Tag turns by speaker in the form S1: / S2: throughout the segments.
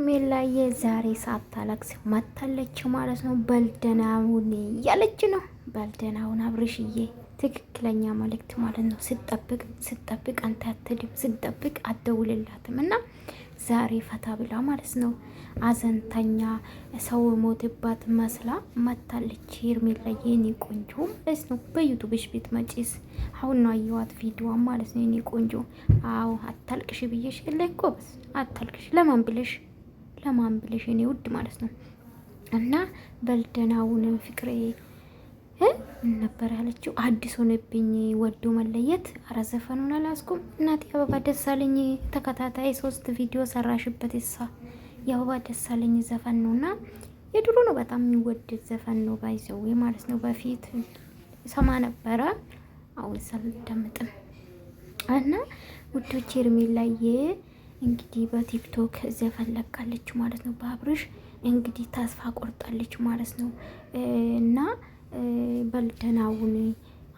S1: ሄርሜላዬ ዛሬ ሳታለቅስ መታለች ማለት ነው። በልደናውን እያለች ነው። በልደናውን አብርሽዬ ትክክለኛ መልእክት ማለት ነው። ስጠብቅ ስጠብቅ አንተ አትድም፣ ስጠብቅ አትደውልላትም እና ዛሬ ፈታ ብላ ማለት ነው። አዘንተኛ ሰው ሞትባት መስላ መታለች። ሄርሜላዬ የኔ ቆንጆ ማለት ነው። በዩቱብሽ ቤት መጪስ አሁን ነው አየዋት ቪዲዮ ማለት ነው። የኔ ቆንጆ አዎ፣ አታልቅሽ ብዬሽ የለ ጎበዝ፣ አታልቅሽ ለማን ብለሽ ለማን ብለሽ የኔ ውድ ማለት ነው። እና በልደናውንም ፍቅሬ ነበር ያለችው አዲስ ሆነብኝ ወዶ መለየት። አረ ዘፈኑን አላስኩም እናቴ። አበባ ደሳለኝ ተከታታይ ሶስት ቪዲዮ ሰራሽበት። እሷ የአበባ ደሳለኝ ዘፈን ነው እና የድሮ ነው በጣም የሚወደድ ዘፈን ነው። ባይዘው ማለት ነው በፊት ሰማ ነበረ፣ አሁን ሳልደምጥም እና ውዶች ሄርሜላዬ እንግዲህ በቲክቶክ ዘፈን ለቃለች ማለት ነው። በአብርሽ እንግዲህ ተስፋ ቆርጣለች ማለት ነው። እና በልደናውን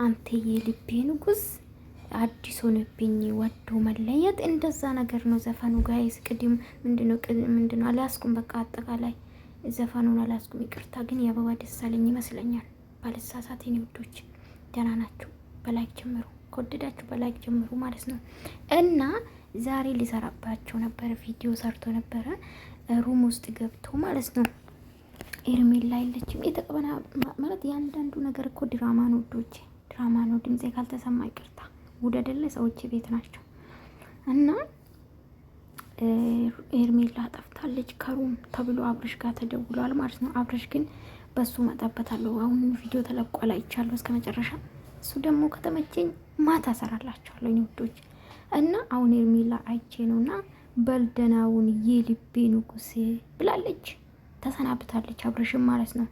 S1: አንተ የልቤ ንጉስ አዲስ ሆነብኝ ወዶ መለየት እንደዛ ነገር ነው ዘፈኑ። ጋይስ ቅድም ምንድነው ምንድነው በቃ አጠቃላይ ዘፈኑን አልያዝኩም፣ ይቅርታ። ግን የአበባ ደሳለኝ ይመስለኛል ባለሳሳት የኔ ውዶች፣ ደህና ናችሁ? በላይክ ጀምሩ፣ ከወደዳችሁ በላይክ ጀምሩ ማለት ነው እና ዛሬ ሊሰራባቸው ነበር፣ ቪዲዮ ሰርቶ ነበረ ሩም ውስጥ ገብቶ ማለት ነው። ኤርሜል ላይ የለችም የተቀበና ማለት የአንዳንዱ ነገር እኮ ድራማ ነው ውዶች፣ ድራማ ነው። ድምፄ ካልተሰማ ይቅርታ። ውደደለ ሰዎች ቤት ናቸው እና ኤርሜላ ጠፍታለች ከሩም ተብሎ አብረሽ ጋር ተደውሏል ማለት ነው። አብረሽ ግን በሱ መጣበታለሁ። አሁን ቪዲዮ ተለቋል አይቻለሁ እስከ መጨረሻ። እሱ ደግሞ ከተመቸኝ ማታ ሰራላችኋለሁ ውዶች። እና አሁን ሄርሜላ አይቼ ነውና በልደናውን የልቤ ንጉሴ ብላለች። ተሰናብታለች አብርሽን ማለት ነው።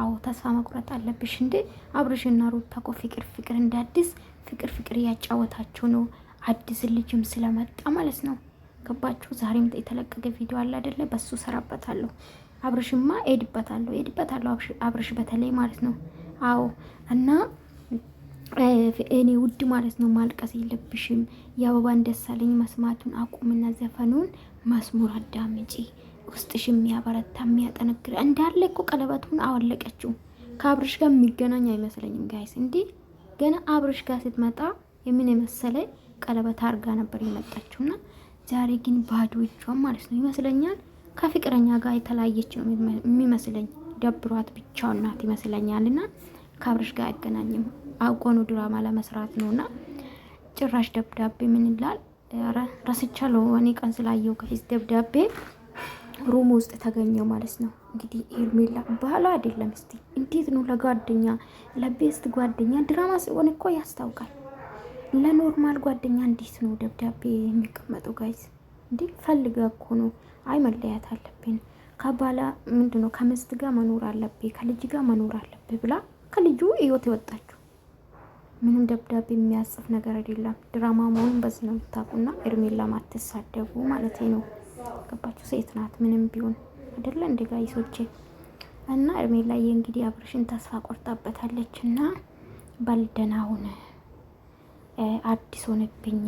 S1: አዎ ተስፋ መቁረጥ አለብሽ እንዴ? አብርሽና ሩታ እኮ ፍቅር ፍቅር እንደ አዲስ ፍቅር ፍቅር እያጫወታችሁ ነው። አዲስ ልጅም ስለመጣ ማለት ነው። ገባችሁ? ዛሬም የተለቀቀ ቪዲዮ አለ አይደለ? በሱ ሰራበታለሁ። አብርሽማ ሄድበታለሁ ሄድበታለሁ አብርሽ በተለይ ማለት ነው። አዎ እና እኔ ውድ ማለት ነው ማልቀስ የለብሽም። የአበባን ደሳለኝ መስማቱን አቁምና ዘፈኑን መስሙር አዳምጪ። ውስጥሽ የሚያበረታ የሚያጠነክር እንዳለ እኮ ቀለበቱን አወለቀችው። ከአብርሽ ጋር የሚገናኝ አይመስለኝም ጋይስ። እንዲህ ገና አብርሽ ጋር ስትመጣ የምን የመሰለ ቀለበት አርጋ ነበር የመጣችውና ዛሬ ግን ባዶ እጇን ማለት ነው ይመስለኛል ከፍቅረኛ ጋር የተለያየች ነው የሚመስለኝ። ደብሯት ብቻ ናት ይመስለኛልና ከአብርሽ ጋር አይገናኝም። አውቆኑ ድራማ ለመስራት ነው እና ጭራሽ ደብዳቤ ምን ይላል ረስቻለሁ። እኔ ቀን ስላየው ከዚህ ደብዳቤ ሩም ውስጥ ተገኘው ማለት ነው። እንግዲህ ሄርሜላ ባህላ አይደለም። እስቲ እንዴት ነው ለጓደኛ ለቤስት ጓደኛ ድራማ ሲሆን እኮ ያስታውቃል። ለኖርማል ጓደኛ እንዴት ነው ደብዳቤ የሚቀመጡ? ጋይዝ እንዴ ፈልገ እኮ ነው። አይ መለያት አለብን ከባላ ምንድነው ከምስት ጋር መኖር አለብ ከልጅ ጋር መኖር አለብ ብላ ከልጁ ህይወት የወጣችው ምንም ደብዳቤ የሚያጽፍ ነገር አይደለም። ድራማ መሆን በዚህ ነው የምታውቁና ኤርሜላ ማትሳደቡ ማለት ነው። ገባችሁ? ሴት ናት ምንም ቢሆን አይደለ እንደ ጋይሶቼ እና ኤርሜላ የእንግዲህ አብርሽን ተስፋ ቆርጣበታለች እና ባልደና ሆነ አዲስ ሆነብኝ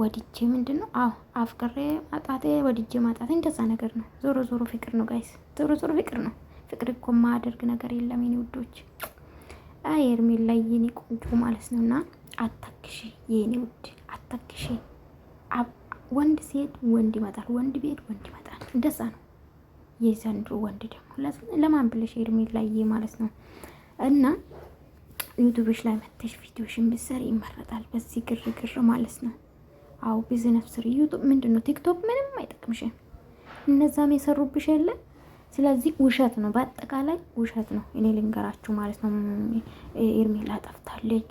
S1: ወድጄ ምንድን ነው አዎ አፍቅሬ ማጣቴ ወድጄ ማጣቴ እንደዛ ነገር ነው። ዞሮ ዞሮ ፍቅር ነው ጋይስ፣ ዞሮ ዞሮ ፍቅር ነው። ፍቅር እኮ ማደርግ ነገር የለም የኔ ውዶች። ሄርሜላ የኔ ቆንጆ ማለት ነው። እና አታክሽ የኔ ውድ አታክሽ። ወንድ ሲሄድ ወንድ ይመጣል፣ ወንድ ቢሄድ ወንድ ይመጣል። እንደዛ ነው የዘንድሮ ወንድ ደግሞ ለማን ብለሽ ሄርሜላ ይ ማለት ነው እና ዩቱብሽ ላይ መተሽ ቪዲዮሽን ብትሰሪ ይመረጣል። በዚህ ግርግር ማለት ነው። አዎ ቢዝነስ ስሪ። ዩቱብ ምንድን ነው? ቲክቶክ ምንም አይጠቅምሽም። እነዛም የሰሩብሽ የለን ስለዚህ ውሸት ነው፣ በአጠቃላይ ውሸት ነው። እኔ ልንገራችሁ ማለት ነው። ኤርሜላ ጠፍታለች፣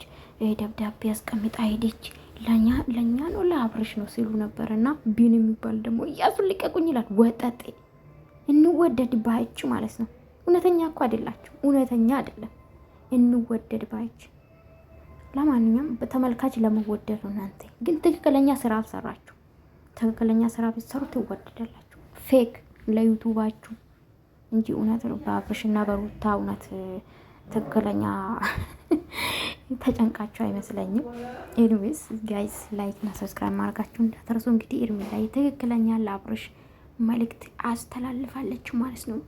S1: ደብዳቤ አስቀምጣ ሄደች፣ ለእኛ ነው ለአብርሽ ነው ሲሉ ነበር። እና ቢን የሚባል ደግሞ እያሱን ልቀቁኝ ይላል። ወጠጤ እንወደድ ባይች ማለት ነው። እውነተኛ እኮ አይደላችሁ፣ እውነተኛ አይደለም። እንወደድ ባይች። ለማንኛውም ተመልካች ለመወደድ ነው። እናንተ ግን ትክክለኛ ስራ አልሰራችሁ። ትክክለኛ ስራ ብትሰሩ ትወደዳላችሁ። ፌክ ለዩቱባችሁ እንጂ እውነት ነው። በአብርሽና በሩታ እውነት ትክክለኛ ተጨንቃቸው አይመስለኝም። ኤኒዌይስ ጋይስ ላይክ እና ሰብስክራይብ ማድረጋችሁ እንዳትረሱ። እንግዲህ እድሜ ላይ ትክክለኛ ለአብርሽ መልእክት አስተላልፋለች ማለት ነው።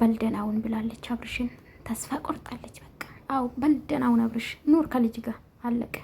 S1: በልደናውን ብላለች። አብርሽን ተስፋ ቆርጣለች። በቃ አው በልደናውን አብርሽ ኑር ከልጅ ጋር አለቀ።